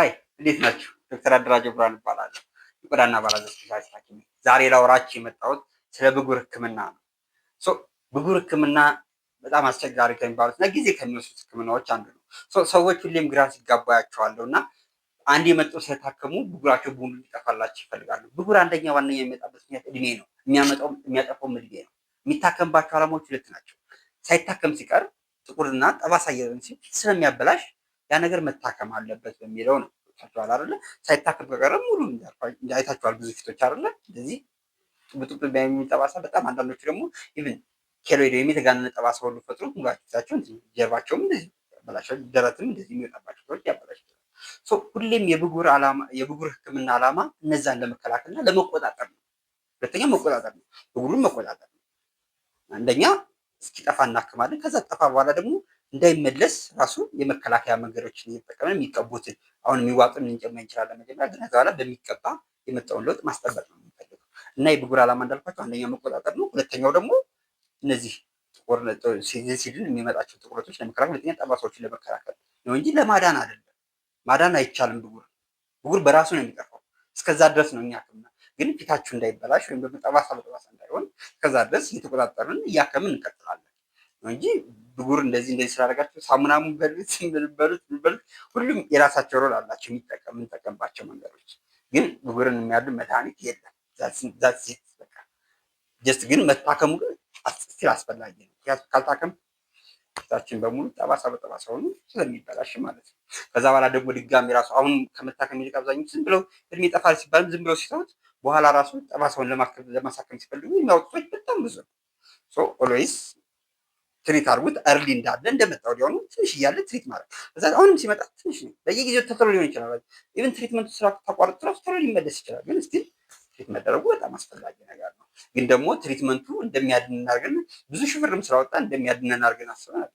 አይ እንዴት ናችሁ? ዶክተር አደራጀው ብርሃን እባላለሁ። የቆዳና ባላዘር ስፔሻሊስት ሐኪም ዛሬ ላወራችሁ የመጣሁት ስለ ብጉር ሕክምና ነው። ሶ ብጉር ሕክምና በጣም አስቸጋሪ ከሚባሉት እና ጊዜ ከሚወስዱት ሕክምናዎች አንዱ ነው። ሶ ሰዎች ሁሌም ግራ ሲጋባ እና አንድ የመጠው ስለታከሙ ብጉራቸው ቡንዱ ሊጠፋላቸው ይፈልጋሉ። ብጉር አንደኛ ዋነኛ የሚመጣበት ምክንያት እድሜ ነው። የሚያመጣው የሚያጠፋው እድሜ ነው። የሚታከምባቸው አላማዎች ሁለት ናቸው። ሳይታከም ሲቀር ጥቁርና ጠባሳ ስለሚያበላሽ ያ ነገር መታከም አለበት በሚለው ነው። ታችኋል አይደለ? ሳይታከም ከቀረ ሙሉ አይታችኋል። ብዙ ፊቶች አይደለ? እንደዚህ ብጡብጡ የሚጠባሳ በጣም አንዳንዶቹ ደግሞ ኢቭን ኬሎይድ ወይም የተጋነነ ጠባሳ ሁሉ ፈጥሮ ሙጋቸውን ጀርባቸውም እንደዚህ ያበላሻል። ደረትም እንደዚህ የሚወጣባቸው ሰዎች ያበላሻል። ይችላል። ሁሌም የብጉር ዓላማ የብጉር ሕክምና ዓላማ እነዛን ለመከላከልና ለመቆጣጠር ነው። ሁለተኛ መቆጣጠር ነው፣ ብጉሩን መቆጣጠር ነው። አንደኛ እስኪጠፋ እናክማለን። ከዛ ጠፋ በኋላ ደግሞ እንዳይመለስ ራሱ የመከላከያ መንገዶችን እየተጠቀመ የሚቀቡትን አሁን የሚዋጡን ልንጨምር እንችላለን። መጀመሪያ ግን ከዛ በኋላ በሚቀባ የመጣውን ለውጥ ማስጠበቅ ነው የሚፈልገው እና የብጉር ዓላማ እንዳልኳቸው አንደኛው መቆጣጠር ነው። ሁለተኛው ደግሞ እነዚህ ሲድን የሚመጣቸው ጥቁረቶች ለመከላከል፣ ሁለተኛ ጠባሳዎችን ለመከላከል ነው እንጂ ለማዳን አይደለም። ማዳን አይቻልም። ብጉር ብጉር በራሱ ነው የሚጠፋው። እስከዛ ድረስ ነው እኛ ሕክምና ግን ፊታችሁ እንዳይበላሽ ወይም ደግሞ ጠባሳ በጠባሳ እንዳይሆን እስከዛ ድረስ እየተቆጣጠርን እያከምን እንቀጥላለን። ነው እንጂ ብጉር እንደዚህ እንደዚህ ስላደረጋቸው ሳሙናሙ በሉት በሉት በሉት ሁሉም የራሳቸው ሮል አላቸው የሚጠቀም የምንጠቀምባቸው መንገዶች። ግን ብጉርን የሚያድን መድኃኒት የለም። ዛት ጀስት ግን መታከሙ ግን ስቲል አስፈላጊ ነው። ምክንያቱም ካልታከም ፊታችን በሙሉ ጠባሳ በጠባሳ ሆኑ ስለሚበላሽ ማለት ነው። ከዛ በኋላ ደግሞ ድጋሚ ራሱ አሁን ከመታከም ይልቅ አብዛኛው ዝም ብለው እድሜ ጠፋል ሲባልም ዝም ብለው ሲተውት በኋላ ራሱ ጠባሳውን ለማሳከም ሲፈልጉ የሚያወጡቶች በጣም ብዙ ነው። ኦልዌይስ ትሪት አድርጉት እርሊ እንዳለ እንደመጣው ሊሆኑ ትንሽ እያለ ትሪት ማለት እዛ አሁንም ሲመጣ ትንሽ ነው። በየጊዜው ተተሎ ሊሆን ይችላል። ኢቨን ትሪትመንቱ ስራ ታቋርጥ ራሱ ተሎ ሊመለስ ይችላል። ግን ስቲል ትሪት መደረጉ በጣም አስፈላጊ ነገር ነው። ግን ደግሞ ትሪትመንቱ እንደሚያድን እናድርገን ብዙ ሽፍርም ስላወጣ እንደሚያድን እናድርገን አስበናል።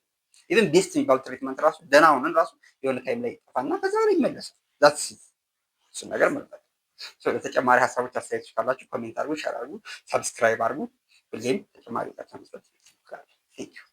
ኢቨን ቤስት የሚባሉ ትሪትመንት ራሱ ደህና ሆነን ራሱ የሆነ ታይም ላይ ይጠፋና ከዛ ላይ ይመለሳል። ዛትስ እሱ ነገር መልበት ለተጨማሪ ሀሳቦች አስተያየቶች ካላችሁ ኮሜንት አድርጉ፣ ሸር አድርጉ፣ ሰብስክራይብ አድርጉ። ሁሌም ተጨማሪ ቃቸው መስበት ይችላል።